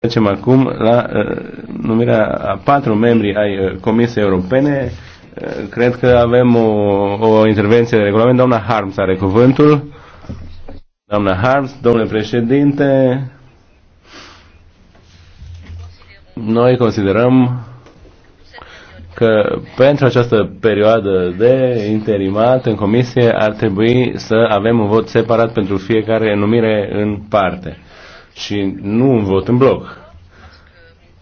Trecem acum la uh, numirea a patru membri ai uh, Comisiei Europene. Uh, cred că avem o, o intervenție de regulament. Doamna Harms are cuvântul. Doamna Harms, domnule președinte, noi considerăm că pentru această perioadă de interimat în comisie ar trebui să avem un vot separat pentru fiecare numire în parte și nu un vot în bloc.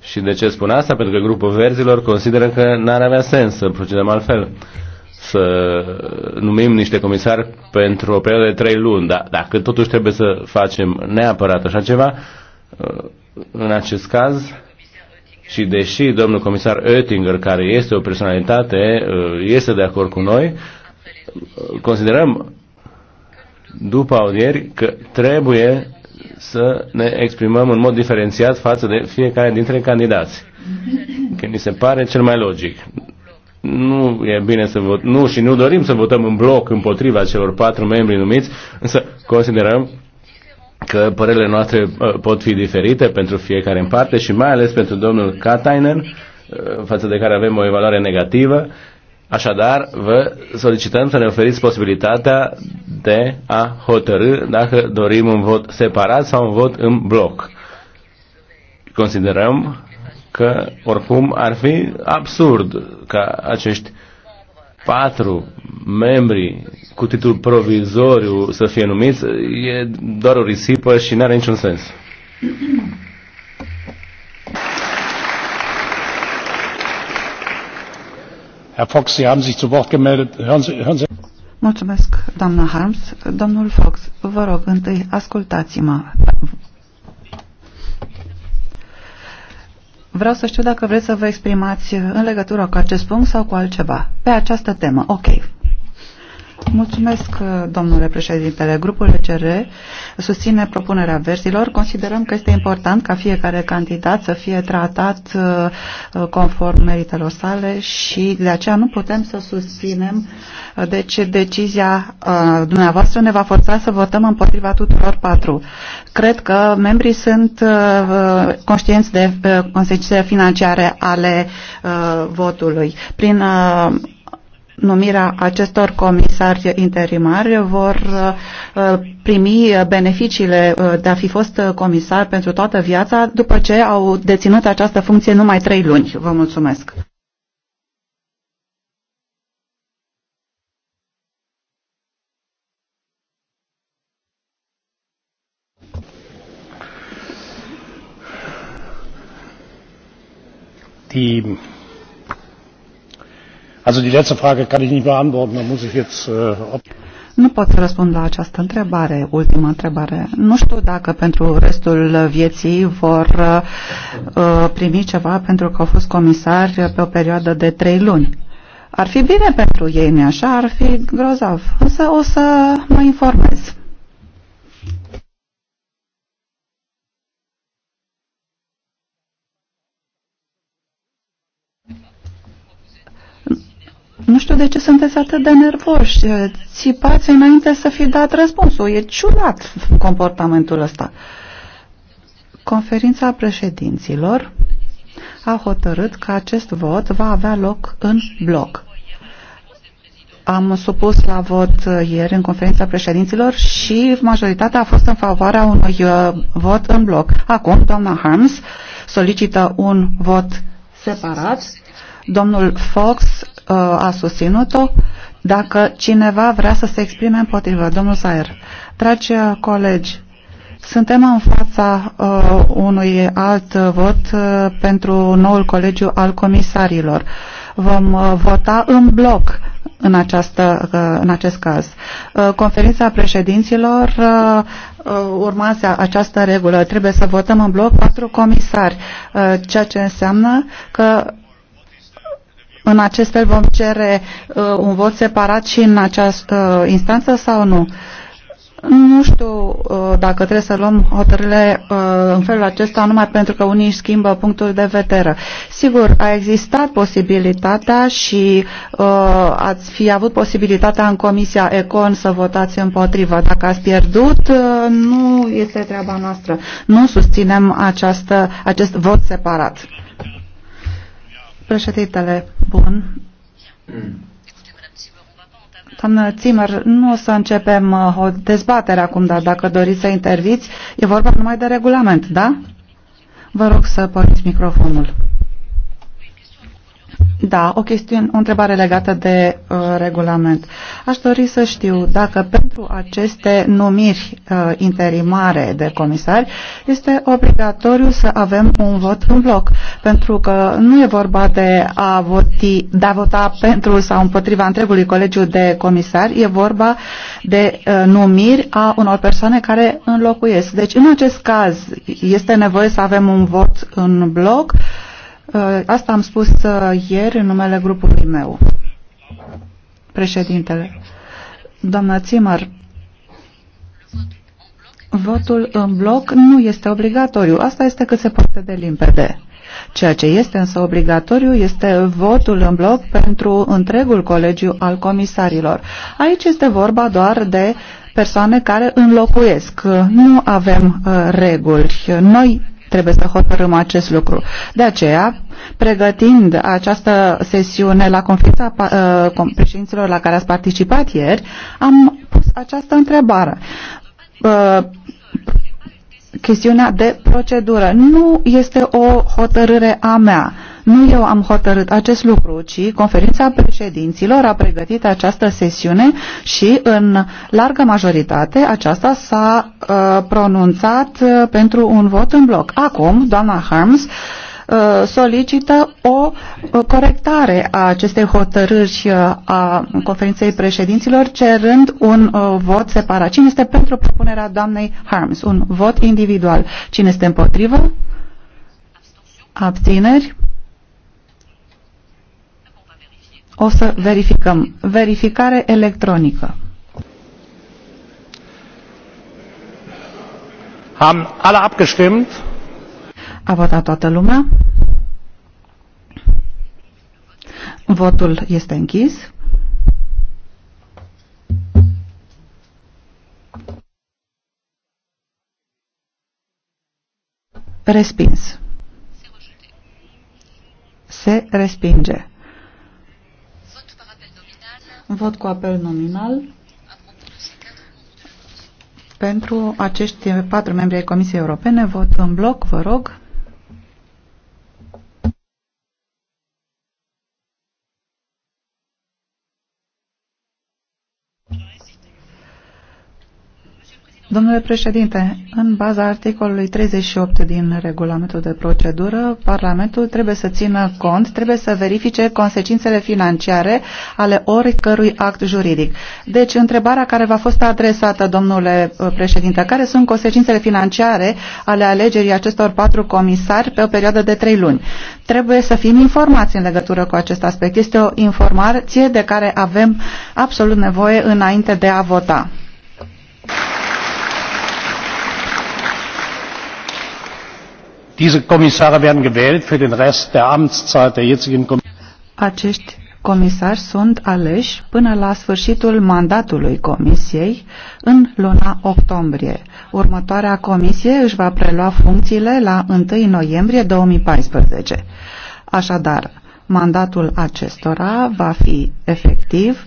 Și de ce spun asta? Pentru că grupul verzilor consideră că n-ar avea sens să procedăm altfel. Să numim niște comisari pentru o perioadă de trei luni, dar dacă totuși trebuie să facem neapărat așa ceva, uh, în acest caz, și deși domnul comisar Oettinger, care este o personalitate, uh, este de acord cu noi, considerăm după audieri că trebuie să ne exprimăm în mod diferențiat față de fiecare dintre candidați. Că ni se pare cel mai logic. Nu e bine să vot, nu și nu dorim să votăm în bloc împotriva celor patru membri numiți, însă considerăm că părerile noastre uh, pot fi diferite pentru fiecare în parte și mai ales pentru domnul Katainen, uh, față de care avem o evaluare negativă. Așadar, vă solicităm să ne oferiți posibilitatea de a hotărâ dacă dorim un vot separat sau un vot în bloc. Considerăm că oricum ar fi absurd ca acești patru membri cu titlul provizoriu să fie numiți e doar o risipă și nu are niciun sens. Herr Fox, Sie haben sich zu Wort gemeldet. Hören Sie, hören Sie Mulțumesc, doamna Harms. Domnul Fox, vă rog, întâi ascultați-mă. Vreau să știu dacă vreți să vă exprimați în legătură cu acest punct sau cu altceva. Pe această temă, ok. Mulțumesc, uh, domnule președintele. Grupul CR susține propunerea versilor. Considerăm că este important ca fiecare candidat să fie tratat uh, conform meritelor sale și de aceea nu putem să susținem. Uh, deci decizia dumneavoastră ne va forța să votăm împotriva tuturor patru. Cred că membrii sunt conștienți de consecințele financiare ale votului. Prin numirea acestor comisari interimari vor uh, uh, primi beneficiile uh, de a fi fost comisar pentru toată viața după ce au deținut această funcție numai trei luni. Vă mulțumesc! Die nu pot să răspund la această întrebare, ultima întrebare. Nu știu dacă pentru restul vieții vor uh, primi ceva pentru că au fost comisari pe o perioadă de trei luni. Ar fi bine pentru ei, nu așa? Ar fi grozav. O o să mă informez. Nu știu de ce sunteți atât de nervoși. Țipați înainte să fi dat răspunsul. E ciudat comportamentul ăsta. Conferința președinților a hotărât că acest vot va avea loc în bloc. Am supus la vot ieri în conferința președinților și majoritatea a fost în favoarea unui uh, vot în bloc. Acum, doamna Harms solicită un vot separat. Domnul Fox Uh, a susținut-o. Dacă cineva vrea să se exprime împotrivă, domnul Saer, dragi uh, colegi, suntem în fața uh, unui alt vot uh, pentru noul colegiu al comisarilor. Vom uh, vota în bloc în, această, uh, în acest caz. Uh, conferința președinților uh, uh, urmează această regulă. Trebuie să votăm în bloc patru comisari, uh, ceea ce înseamnă că în acest fel vom cere uh, un vot separat și în această uh, instanță sau nu? Nu știu uh, dacă trebuie să luăm uh, în felul acesta numai pentru că unii își schimbă punctul de vedere. Sigur, a existat posibilitatea și ați fi avut posibilitatea în Comisia Econ să votați împotrivă. Dacă ați pierdut, nu este treaba noastră. Nu susținem această, acest vot separat. Președintele, bun. Doamnă Zimmer, nu o să începem uh, o dezbatere acum, dar dacă doriți să interviți, e vorba numai de regulament, da? Vă rog să porniți microfonul. Da, o chestiune, o întrebare legată de uh, regulament. Aș dori să știu dacă pentru aceste numiri uh, interimare de comisari este obligatoriu să avem un vot în bloc, pentru că nu e vorba de a, voti, de a vota pentru sau împotriva întregului colegiu de comisari, e vorba de uh, numiri a unor persoane care înlocuiesc. Deci, în acest caz, este nevoie să avem un vot în bloc uh, Uh, asta am spus uh, ieri în numele grupului meu. Președintele, doamna Țimăr, votul în bloc nu este obligatoriu. Asta este cât se poate de limpede. Ceea ce este însă obligatoriu este votul în bloc pentru întregul colegiu al comisarilor. Aici este vorba doar de persoane care înlocuiesc. Nu avem uh, reguli. Noi Trebuie să hotărâm acest lucru. De aceea, pregătind această sesiune la conferința uh, președinților la care ați participat ieri, am pus această întrebare. Uh, chestiunea de procedură. Nu este o hotărâre a mea. Nu eu am hotărât acest lucru, ci conferința președinților a pregătit această sesiune și în largă majoritate aceasta s-a uh, pronunțat uh, pentru un vot în bloc. Acum, doamna Harms uh, Uh, solicită o uh, corectare a acestei hotărâri uh, a conferinței președinților, cerând un vot separat. Cine este pentru propunerea doamnei Harms? Un vot individual. Cine este împotrivă? Abțineri? O să verificăm. Verificare electronică. Am alle abgestimmt? A votat toată lumea? Votul este închis. Respins. Se respinge. Vot cu apel nominal pentru acești patru membri ai Comisiei Europene. Vot în bloc, vă rog. Domnule președinte, în baza articolului 38 din regulamentul de procedură, Parlamentul trebuie să țină cont, trebuie să verifice consecințele financiare ale oricărui act juridic. Deci, întrebarea care v-a fost adresată, domnule uh, președinte, care sunt consecințele financiare ale alegerii acestor patru comisari pe o perioadă de trei luni? Trebuie să fim informați în legătură cu acest aspect. Este o informație de care avem absolut nevoie înainte de a vota. Diese Kommissare werden gewählt für den Rest der Amtszeit der jetzigen Kommission. Acești comisari sunt aleși până la sfârșitul mandatului comisiei în luna octombrie. Următoarea comisie își va prelua funcțiile la 1 noiembrie 2014. Așadar, mandatul acestora va fi efectiv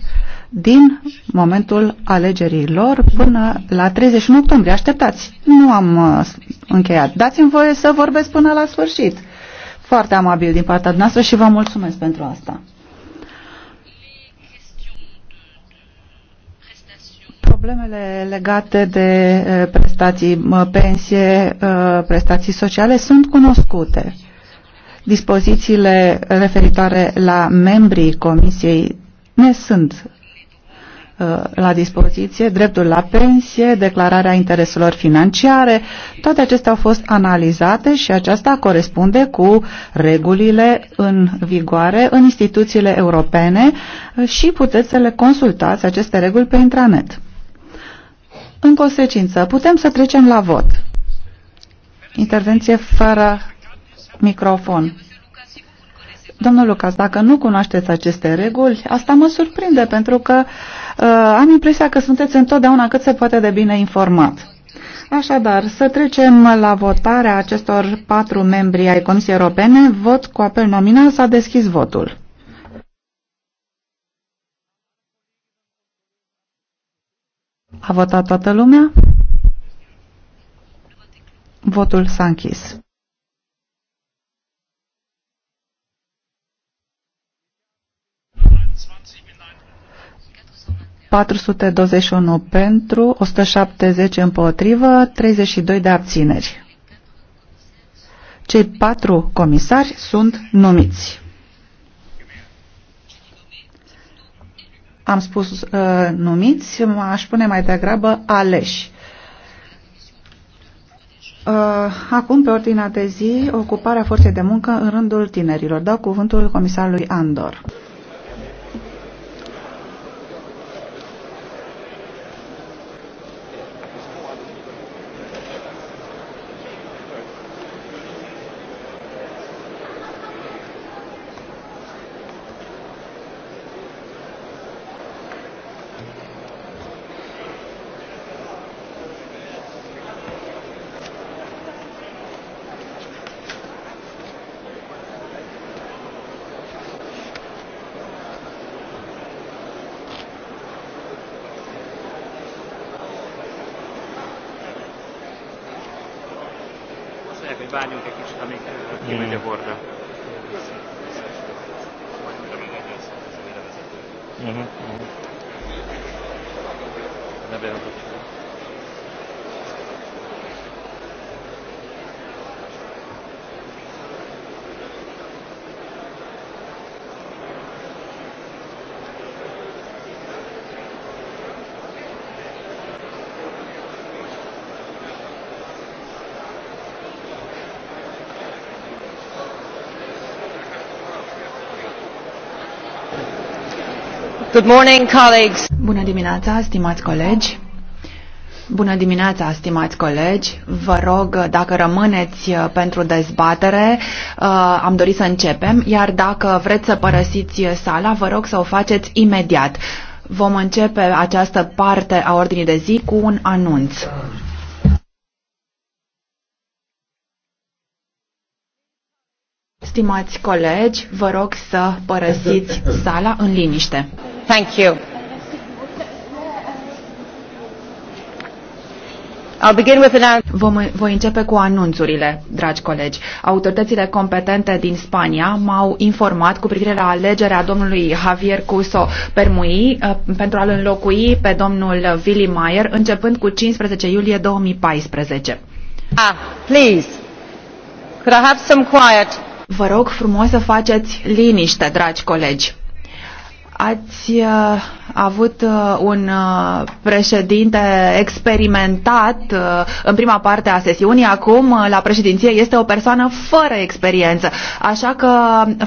din momentul alegerilor până la 31 octombrie. Așteptați, nu am uh, încheiat. Dați-mi voie să vorbesc până la sfârșit. Foarte amabil din partea noastră și vă mulțumesc pentru asta. problemele legate de uh, prestații, uh, pensie, prestații sociale sunt cunoscute. Dispozițiile referitoare la membrii Comisiei ne sunt la dispoziție, dreptul la pensie, declararea intereselor financiare, toate acestea au fost analizate și aceasta corespunde cu regulile în vigoare în instituțiile europene și puteți să le consultați aceste reguli pe intranet. În consecință, putem să trecem la vot. Intervenție fără microfon. Domnul Lucas, dacă nu cunoașteți aceste reguli, asta mă surprinde, pentru că uh, am impresia că sunteți întotdeauna cât se poate de bine informat. Așadar, să trecem la votarea acestor patru membri ai Comisiei Europene. Vot cu apel nominal s-a deschis votul. A votat toată lumea? Votul s-a închis. 421 pentru, 170 împotrivă, 32 de abțineri. Cei patru comisari sunt numiți. Am spus uh, numiți, aș spune mai degrabă aleși. Uh, acum, pe ordinea de zi, ocuparea forței de muncă în rândul tinerilor. Dau cuvântul comisarului Andor. várjunk egy kicsit, amíg kimegy a borda. Uh-huh, uh-huh. Ne Good morning, colleagues. Bună dimineața, stimați colegi. Bună dimineața, stimați colegi. Vă rog, dacă rămâneți uh, pentru dezbatere, uh, am dorit să începem, iar dacă vreți să părăsiți uh, sala, vă rog să o faceți imediat. Vom începe această parte a ordinii de zi cu un anunț. Stimați colegi, vă rog să părăsiți sala în liniște. Vom, voi începe cu anunțurile, dragi colegi. Autoritățile competente din Spania m-au informat cu privire la alegerea domnului Javier Cuso Permui uh, pentru a-l înlocui pe domnul Willy Mayer începând cu 15 iulie 2014. Ah, please. Could I have some quiet? Vă rog frumos să faceți liniște, dragi colegi ați uh, avut uh, un uh, președinte experimentat în prima parte a sesiunii, acum la președinție este o persoană fără experiență. Așa că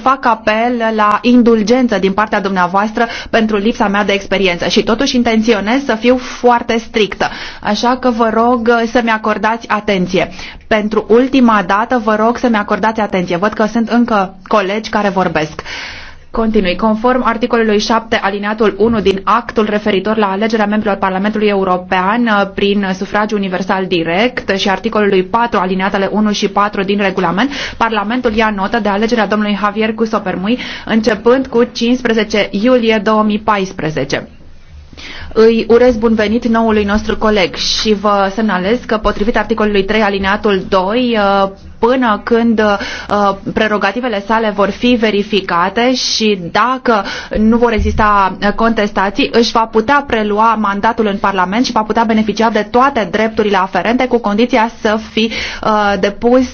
fac apel la indulgență din partea dumneavoastră pentru lipsa mea de experiență și totuși intenționez să fiu foarte strictă. Așa că vă rog să-mi acordați atenție. Pentru ultima dată vă rog să-mi acordați atenție. Văd că sunt încă colegi care vorbesc. Uh, Continui. Conform articolului 7, alineatul 1 din actul referitor la alegerea membrilor Parlamentului European uh, prin sufragiu universal direct și articolului 4, alineatele 1 și 4 din regulament, Parlamentul ia notă de alegerea domnului Javier Cusopermui începând cu 15 iulie 2014. Îi urez bun venit noului nostru coleg și vă semnalez că potrivit articolului 3 alineatul 2 uh, până când uh, prerogativele sale vor fi verificate și dacă nu vor exista contestații, își va putea prelua mandatul în Parlament și va putea beneficia de toate drepturile aferente cu condiția să fi uh, depus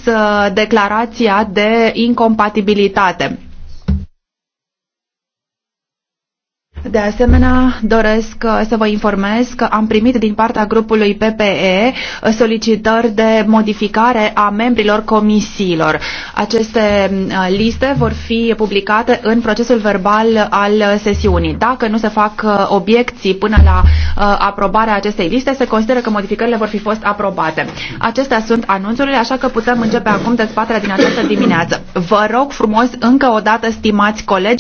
declarația de incompatibilitate. De asemenea, doresc uh, să vă informez că am primit din partea grupului PPE uh, solicitări de modificare a membrilor comisiilor. Aceste uh, liste vor fi publicate în procesul verbal al sesiunii. Dacă nu se fac obiecții până la aprobarea acestei liste, se consideră că modificările vor fi fost aprobate. Acestea sunt anunțurile, așa că putem începe acum dezbaterea din această dimineață. Vă rog frumos încă o dată, stimați colegi,